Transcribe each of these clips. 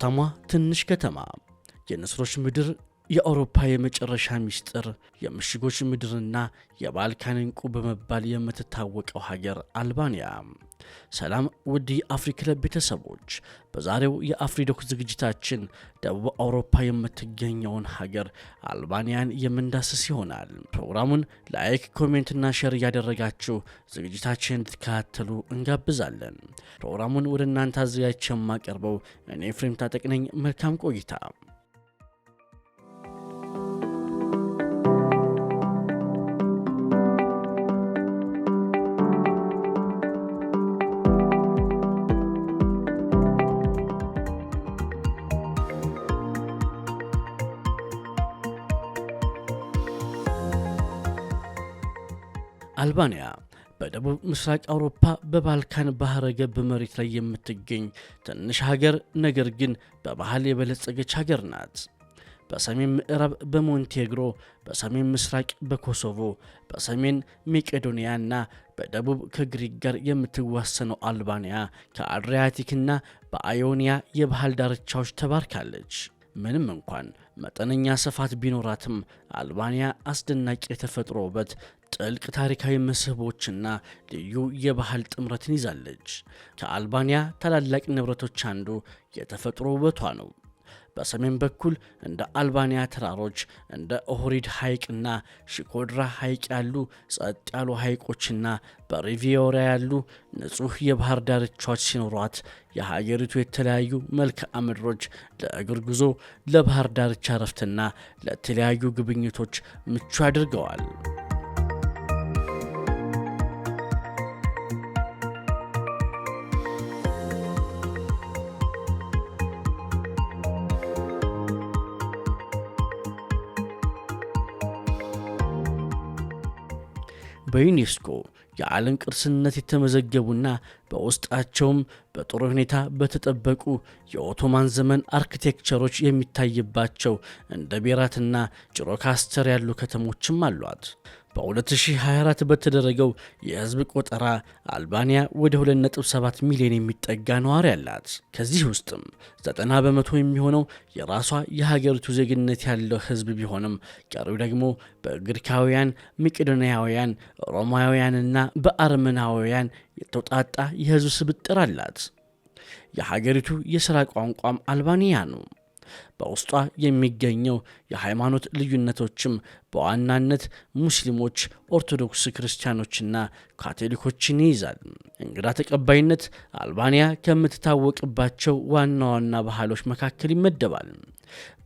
ሀብታሟ ትንሽ ከተማ የንስሮች ምድር የአውሮፓ የመጨረሻ ሚስጥር የምሽጎች ምድርና የባልካን እንቁ በመባል የምትታወቀው ሀገር አልባንያ። ሰላም ውድ የአፍሪ ክለብ ቤተሰቦች፣ በዛሬው የአፍሪዶክ ዝግጅታችን ደቡብ አውሮፓ የምትገኘውን ሀገር አልባንያን የምንዳስስ ይሆናል። ፕሮግራሙን ላይክ፣ ኮሜንትና ሼር እያደረጋችሁ ዝግጅታችን እንድትከታተሉ እንጋብዛለን። ፕሮግራሙን ወደ እናንተ አዘጋጅቼ የማቀርበው እኔ ፍሬም ታጠቅነኝ። መልካም ቆይታ አልባንያ በደቡብ ምስራቅ አውሮፓ በባልካን ባህረ ገብ መሬት ላይ የምትገኝ ትንሽ ሀገር ነገር ግን በባህል የበለጸገች ሀገር ናት። በሰሜን ምዕራብ በሞንቴግሮ፣ በሰሜን ምስራቅ በኮሶቮ፣ በሰሜን ሜቄዶኒያና በደቡብ ከግሪክ ጋር የምትዋሰነው አልባንያ ከአድሪያቲክና በአዮኒያ የባህል ዳርቻዎች ተባርካለች። ምንም እንኳን መጠነኛ ስፋት ቢኖራትም አልባንያ አስደናቂ የተፈጥሮ ውበት፣ ጥልቅ ታሪካዊ መስህቦችና ልዩ የባህል ጥምረትን ይዛለች። ከአልባንያ ታላላቅ ንብረቶች አንዱ የተፈጥሮ ውበቷ ነው። በሰሜን በኩል እንደ አልባንያ ተራሮች እንደ ኦሆሪድ ሐይቅና ሽኮድራ ሐይቅ ያሉ ጸጥ ያሉ ሐይቆችና በሪቪዮራ ያሉ ንጹሕ የባህር ዳርቻዎች ሲኖሯት የሀገሪቱ የተለያዩ መልክዓ ምድሮች ለእግር ጉዞ፣ ለባህር ዳርቻ ረፍትና ለተለያዩ ግብኝቶች ምቹ አድርገዋል። በዩኔስኮ የዓለም ቅርስነት የተመዘገቡና በውስጣቸውም በጥሩ ሁኔታ በተጠበቁ የኦቶማን ዘመን አርክቴክቸሮች የሚታይባቸው እንደ ቤራትና ጭሮካስተር ያሉ ከተሞችም አሏት። በ2024 በተደረገው የህዝብ ቆጠራ አልባንያ ወደ 2.7 ሚሊዮን የሚጠጋ ነዋሪ አላት። ከዚህ ውስጥም 90 በመቶ የሚሆነው የራሷ የሀገሪቱ ዜግነት ያለው ህዝብ ቢሆንም ቀሪው ደግሞ በግሪካውያን፣ መቄዶንያውያን፣ ሮማውያንና በአርመናውያን የተውጣጣ የህዝብ ስብጥር አላት። የሀገሪቱ የሥራ ቋንቋም አልባንያ ነው። በውስጧ የሚገኘው የሃይማኖት ልዩነቶችም በዋናነት ሙስሊሞች፣ ኦርቶዶክስ ክርስቲያኖችና ካቶሊኮችን ይይዛል። እንግዳ ተቀባይነት አልባንያ ከምትታወቅባቸው ዋና ዋና ባህሎች መካከል ይመደባል።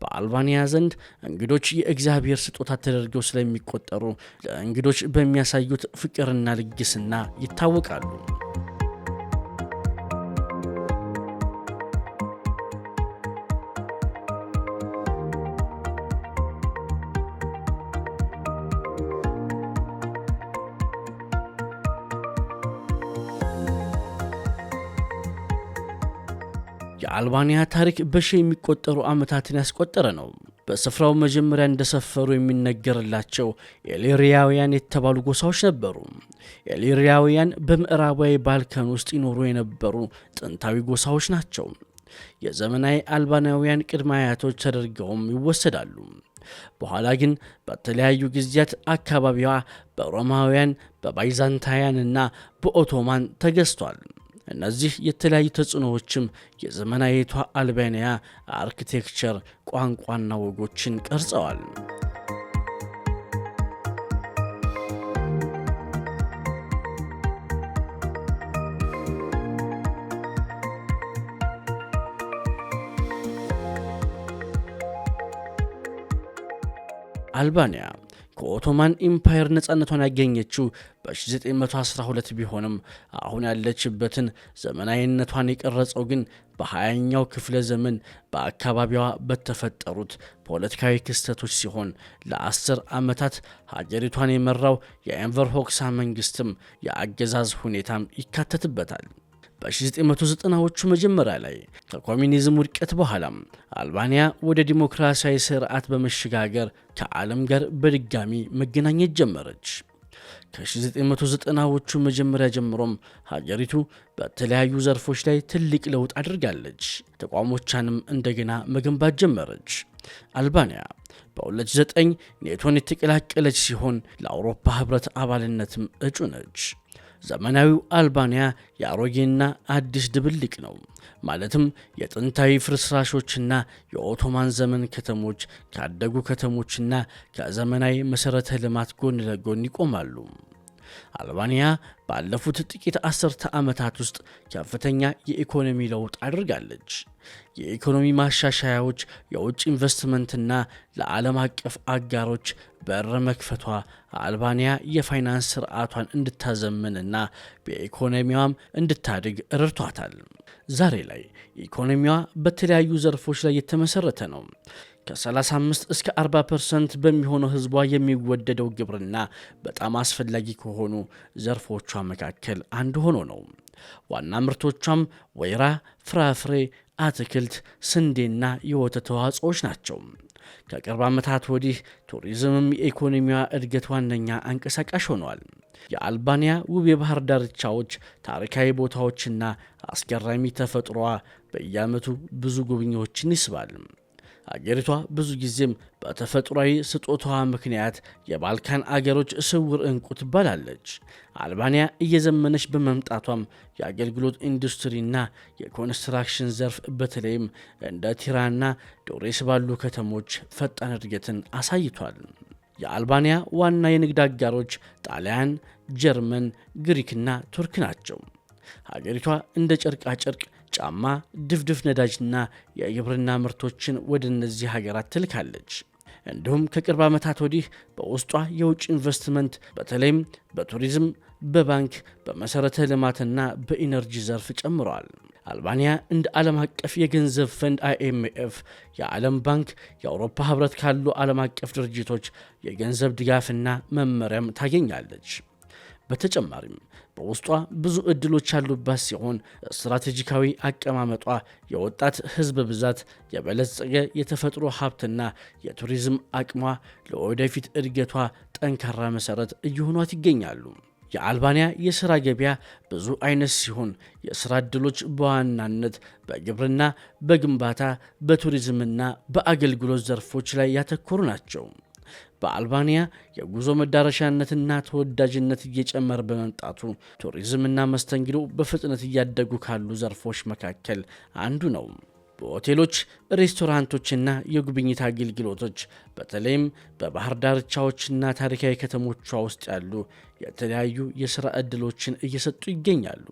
በአልባንያ ዘንድ እንግዶች የእግዚአብሔር ስጦታ ተደርገው ስለሚቆጠሩ ለእንግዶች በሚያሳዩት ፍቅርና ልግስና ይታወቃሉ። የአልባንያ ታሪክ በሺ የሚቆጠሩ ዓመታትን ያስቆጠረ ነው። በስፍራው መጀመሪያ እንደሰፈሩ የሚነገርላቸው ኤሊሪያውያን የተባሉ ጎሳዎች ነበሩ። ኤሊሪያውያን በምዕራባዊ ባልካን ውስጥ ይኖሩ የነበሩ ጥንታዊ ጎሳዎች ናቸው። የዘመናዊ አልባናውያን ቅድመ አያቶች ተደርገውም ይወሰዳሉ። በኋላ ግን በተለያዩ ጊዜያት አካባቢዋ በሮማውያን እና በኦቶማን ተገዝቷል። እነዚህ የተለያዩ ተጽዕኖዎችም የዘመናዊቷ አልቤኒያ አርኪቴክቸር ቋንቋና ወጎችን ቀርጸዋል። አልባንያ ከኦቶማን ኢምፓየር ነፃነቷን ያገኘችው በ1912 ቢሆንም አሁን ያለችበትን ዘመናዊነቷን የቀረጸው ግን በ20ኛው ክፍለ ዘመን በአካባቢዋ በተፈጠሩት ፖለቲካዊ ክስተቶች ሲሆን ለአስር ዓመታት ሀገሪቷን የመራው የኤንቨር ሆክሳ መንግስትም የአገዛዝ ሁኔታም ይካተትበታል። በ1990ዎቹ መጀመሪያ ላይ ከኮሚኒዝም ውድቀት በኋላም አልባንያ ወደ ዲሞክራሲያዊ ስርዓት በመሸጋገር ከዓለም ጋር በድጋሚ መገናኘት ጀመረች። ከ1990ዎቹ መጀመሪያ ጀምሮም ሀገሪቱ በተለያዩ ዘርፎች ላይ ትልቅ ለውጥ አድርጋለች። ተቋሞቿንም እንደገና መገንባት ጀመረች። አልባንያ በ2009 ኔቶን የተቀላቀለች ሲሆን ለአውሮፓ ህብረት አባልነትም እጩ ነች። ዘመናዊው አልባንያ የአሮጌና አዲስ ድብልቅ ነው። ማለትም የጥንታዊ ፍርስራሾችና የኦቶማን ዘመን ከተሞች ካደጉ ከተሞችና ከዘመናዊ መሠረተ ልማት ጎን ለጎን ይቆማሉ። አልባንያ ባለፉት ጥቂት አስርተ ዓመታት ውስጥ ከፍተኛ የኢኮኖሚ ለውጥ አድርጋለች። የኢኮኖሚ ማሻሻያዎች፣ የውጭ ኢንቨስትመንትና ለዓለም አቀፍ አጋሮች በር መክፈቷ አልባንያ የፋይናንስ ስርዓቷን እንድታዘምንና በኢኮኖሚዋም እንድታድግ ረድቷታል። ዛሬ ላይ ኢኮኖሚዋ በተለያዩ ዘርፎች ላይ የተመሰረተ ነው። ከ35 እስከ 40 ፐርሰንት በሚሆነው ህዝቧ የሚወደደው ግብርና በጣም አስፈላጊ ከሆኑ ዘርፎቿ መካከል አንዱ ሆኖ ነው። ዋና ምርቶቿም ወይራ፣ ፍራፍሬ፣ አትክልት፣ ስንዴና የወተት ተዋጽዎች ናቸው። ከቅርብ ዓመታት ወዲህ ቱሪዝምም የኢኮኖሚዋ እድገት ዋነኛ አንቀሳቃሽ ሆኗል። የአልባንያ ውብ የባህር ዳርቻዎች፣ ታሪካዊ ቦታዎችና አስገራሚ ተፈጥሮዋ በየዓመቱ ብዙ ጎብኚዎችን ይስባል። አገሪቷ ብዙ ጊዜም በተፈጥሯዊ ስጦታዋ ምክንያት የባልካን አገሮች ስውር እንቁ ትባላለች። አልባንያ እየዘመነች በመምጣቷም የአገልግሎት ኢንዱስትሪና የኮንስትራክሽን ዘርፍ በተለይም እንደ ቲራና ዶሬስ ባሉ ከተሞች ፈጣን እድገትን አሳይቷል። የአልባንያ ዋና የንግድ አጋሮች ጣሊያን፣ ጀርመን፣ ግሪክና ቱርክ ናቸው። ሀገሪቷ እንደ ጨርቃ ጨርቅ ጫማ፣ ድፍድፍ ነዳጅና የግብርና ምርቶችን ወደ እነዚህ ሀገራት ትልካለች። እንዲሁም ከቅርብ ዓመታት ወዲህ በውስጧ የውጭ ኢንቨስትመንት በተለይም በቱሪዝም፣ በባንክ፣ በመሠረተ ልማትና በኢነርጂ ዘርፍ ጨምረዋል። አልባንያ እንደ ዓለም አቀፍ የገንዘብ ፈንድ አይኤምኤፍ፣ የዓለም ባንክ፣ የአውሮፓ ህብረት ካሉ ዓለም አቀፍ ድርጅቶች የገንዘብ ድጋፍና መመሪያም ታገኛለች። በተጨማሪም በውስጧ ብዙ እድሎች ያሉባት ሲሆን ስትራቴጂካዊ አቀማመጧ የወጣት ህዝብ ብዛት፣ የበለጸገ የተፈጥሮ ሀብትና የቱሪዝም አቅሟ ለወደፊት እድገቷ ጠንካራ መሰረት እየሆኗት ይገኛሉ። የአልባንያ የስራ ገበያ ብዙ አይነት ሲሆን የስራ እድሎች በዋናነት በግብርና፣ በግንባታ፣ በቱሪዝምና በአገልግሎት ዘርፎች ላይ ያተኮሩ ናቸው። በአልባንያ የጉዞ መዳረሻነትና ተወዳጅነት እየጨመረ በመምጣቱ ቱሪዝምና መስተንግዶ በፍጥነት እያደጉ ካሉ ዘርፎች መካከል አንዱ ነው። በሆቴሎች ሬስቶራንቶችና የጉብኝት አገልግሎቶች በተለይም በባህር ዳርቻዎችና ታሪካዊ ከተሞቿ ውስጥ ያሉ የተለያዩ የሥራ ዕድሎችን እየሰጡ ይገኛሉ።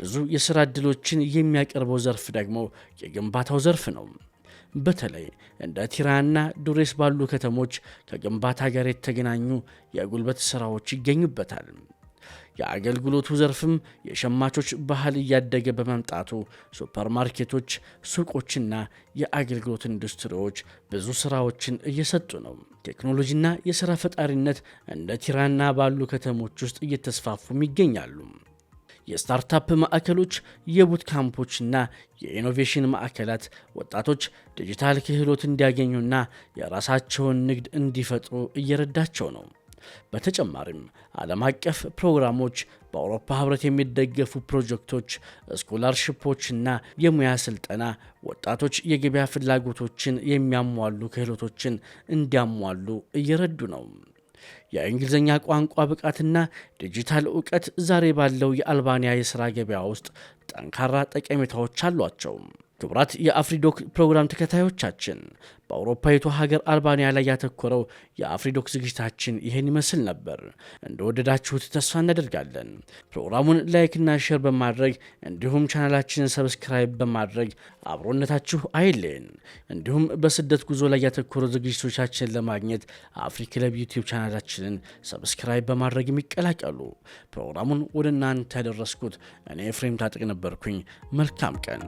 ብዙ የሥራ ዕድሎችን የሚያቀርበው ዘርፍ ደግሞ የግንባታው ዘርፍ ነው። በተለይ እንደ ቲራና ዱሬስ ባሉ ከተሞች ከግንባታ ጋር የተገናኙ የጉልበት ሥራዎች ይገኙበታል። የአገልግሎቱ ዘርፍም የሸማቾች ባህል እያደገ በመምጣቱ ሱፐርማርኬቶች፣ ሱቆችና የአገልግሎት ኢንዱስትሪዎች ብዙ ስራዎችን እየሰጡ ነው። ቴክኖሎጂና የሥራ ፈጣሪነት እንደ ቲራና ባሉ ከተሞች ውስጥ እየተስፋፉም ይገኛሉ። የስታርታፕ ማዕከሎች፣ የቡት ካምፖችና የኢኖቬሽን ማዕከላት ወጣቶች ዲጂታል ክህሎት እንዲያገኙና የራሳቸውን ንግድ እንዲፈጥሩ እየረዳቸው ነው። በተጨማሪም ዓለም አቀፍ ፕሮግራሞች፣ በአውሮፓ ህብረት የሚደገፉ ፕሮጀክቶች፣ ስኮላርሽፖችና የሙያ ስልጠና ወጣቶች የገበያ ፍላጎቶችን የሚያሟሉ ክህሎቶችን እንዲያሟሉ እየረዱ ነው። የእንግሊዝኛ ቋንቋ ብቃትና ዲጂታል እውቀት ዛሬ ባለው የአልባንያ የሥራ ገበያ ውስጥ ጠንካራ ጠቀሜታዎች አሏቸው። ክቡራት የአፍሪዶክ ፕሮግራም ተከታዮቻችን በአውሮፓዊቷ ሀገር አልባንያ ላይ ያተኮረው የአፍሪዶክ ዝግጅታችን ይህን ይመስል ነበር። እንደወደዳችሁት ተስፋ እናደርጋለን። ፕሮግራሙን ላይክና ሼር በማድረግ እንዲሁም ቻናላችንን ሰብስክራይብ በማድረግ አብሮነታችሁ አይልን። እንዲሁም በስደት ጉዞ ላይ ያተኮሩ ዝግጅቶቻችንን ለማግኘት አፍሪክለብ ዩቲዩብ ቻናላችንን ሰብስክራይብ በማድረግ የሚቀላቀሉ። ፕሮግራሙን ወደ እናንተ ያደረስኩት እኔ ፍሬም ታጥቅ ነበርኩኝ። መልካም ቀን